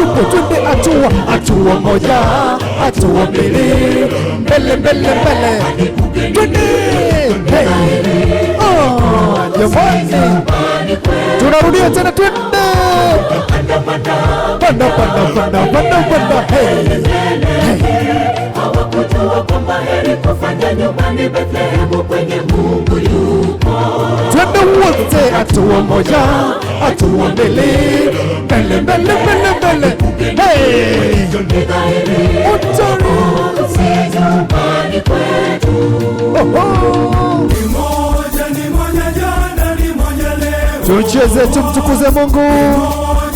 yupo, twende hatua hatua moja hatua mbili, mbele mbele mbele, twende oh, jamani, tunarudia tena, twende panda panda panda panda panda, hawakujua twende wote hatua moja hatua mbili mbele mbele mbele mbele, hey, tucheze tumtukuze Mungu.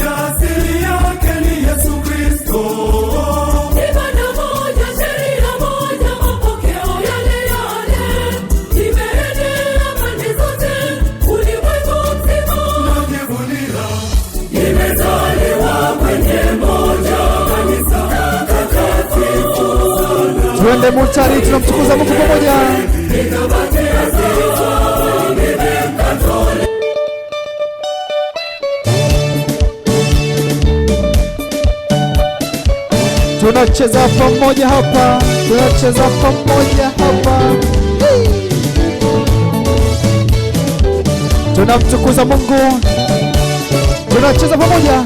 Twende mochari, tunamtukuza Mungu pamoja. Tunacheza pamoja hapa, tunacheza pamoja hapa, tunamtukuza Mungu, tunacheza pamoja,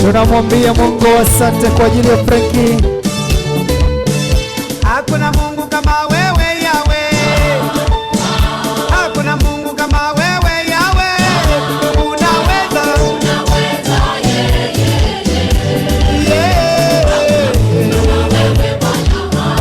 tunamwambia Mungu asante kwa ajili ya Frankie. when amor